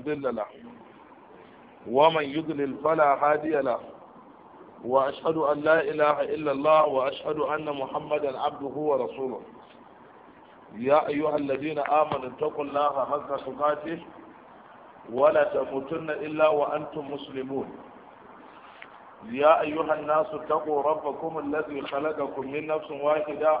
مضل له ومن يضلل فلا هادي له وأشهد أن لا إله إلا الله وأشهد أن محمدا عبده ورسوله يا أيها الذين آمنوا اتقوا الله حق تقاته ولا تموتن إلا وأنتم مسلمون يا أيها الناس اتقوا ربكم الذي خلقكم من نفس واحدة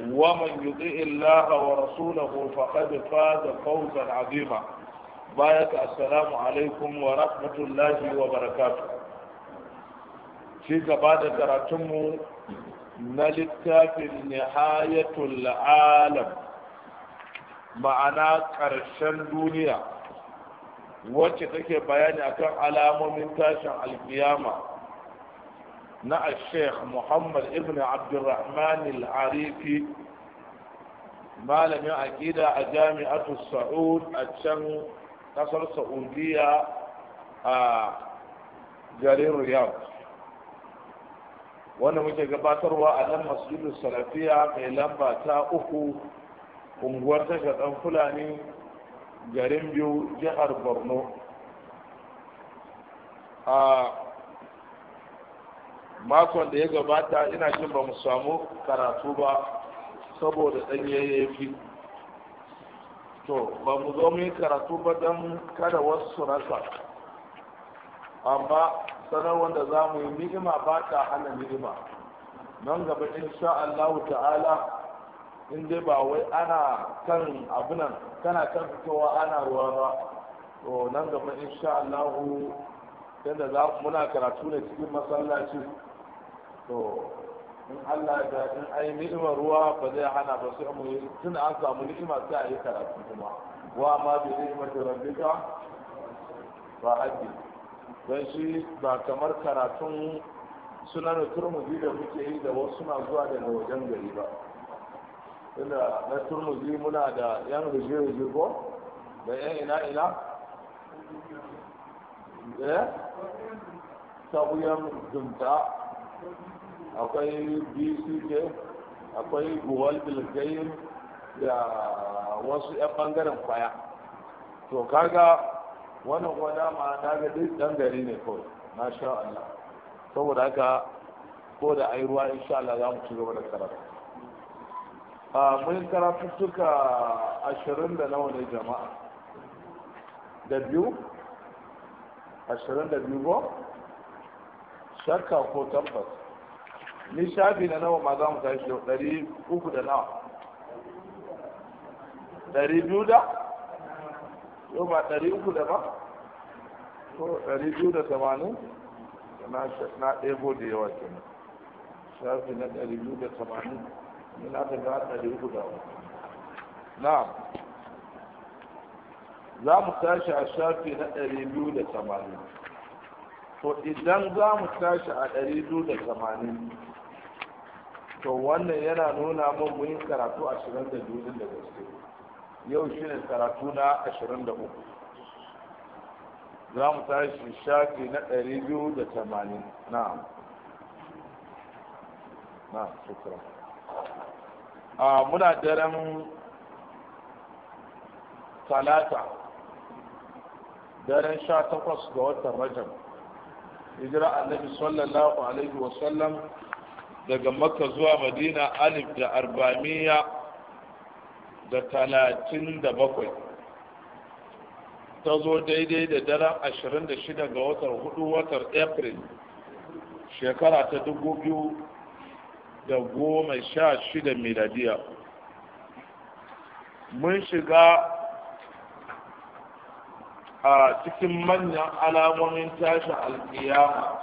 ومن يطيع الله ورسوله فقد فاز فوزا عظيما بارك السلام عليكم ورحمة الله وبركاته في بعد تراتم نلتاف نهاية العالم معنا كرشن دنيا wacce take bayani akan alamomin tashin alkiyama نع الشيخ محمد ابن عبد الرحمن العريفي ما لم يأكيد أجامعة السعود أتشن قصر السعودية آه، جرير رياض وانا مجھے قباتر مسجد السلفية في لمبا اخو ومغورتا جدن فلاني جرين بيو جهر برنو آه، makon da ya gabata ina jin ba mu samu karatu ba saboda ɗan fi to ba mu zo mu karatu ba don kada wasu rasa amma sanar wanda za mu yi ni'ima ba ta hana ni'ima nan gaba insha Allah ta'ala in dai ba wai ana kan abunan kana kan fitowa ana ruwa ba to nan gaba insha Allah yadda muna karatu ne cikin masallaci to in Allah ya in ai ni'imar ruwa ba zai hana ba sai amu tun an samu ni'ima sai a yi karatu kuma wa ma bi ni'imati rabbika fa haddi dan shi ba kamar karatun sunan turmuzi da muke yi da wasu na zuwa daga wajen gari ba inda na turmuzi muna da yan rije-rije ko da yan ina-ina eh sabuyan zumta akwai bck akwai buwal bilgayin da wasu 'yan bangaren kwaya to kaga wannan kuma dama na ga duk dangare gari ne kawai na sha Allah saboda haka ko da ai ruwa insha Allah za mu ci gaba da karatu a mun karatu suka ashirin da nawa ne jama'a da biyu ashirin da biyu ba. shakka ko tabbas ni shafi na nawa ma za mu tashi yau ɗari uku da nawa ɗari biyu da yau ba ɗari uku da ba ko ɗari biyu da tamanin na ɗebo da yawa kenan shafi na ɗari biyu da tamanin ni na tafi ɗari uku da na za mu tashi a shafi na ɗari biyu da tamanin to idan za mu tashi a ɗari biyu da tamanin to wannan yana nuna mun mun karatu 20 da din da gaske yau shi ne karatu na 23 za mu tashi shafi na 280 na'am na shukran a muna daren talata daren 18 ga watan rajab hijira annabi sallallahu alaihi wasallam daga makka zuwa madina alif da arbamiya da talatin da bakwai ta zo daidai da daren ashirin da shida ga watan hudu watan april shekara ta dubu biyu da goma sha shida miladiya mun shiga a cikin manyan alamomin tashin alkiyama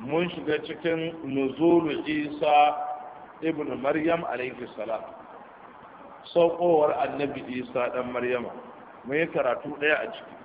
mun shiga cikin nuzulu isa ibn maryam sauƙowar salam saukowar annabi isa dan maryama mun yi karatu ɗaya a ciki